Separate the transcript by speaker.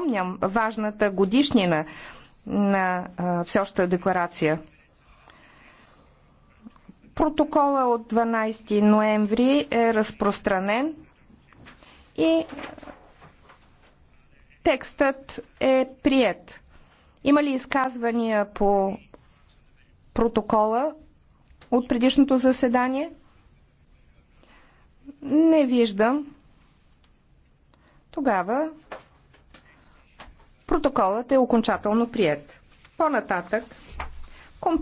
Speaker 1: припомням важната годишнина на всеобща декларация. Протокола от 12 ноември е разпространен и текстът е прият. Има ли изказвания по протокола от предишното заседание? Не виждам. Тогава Протоколът е окончателно прият.
Speaker 2: По-нататък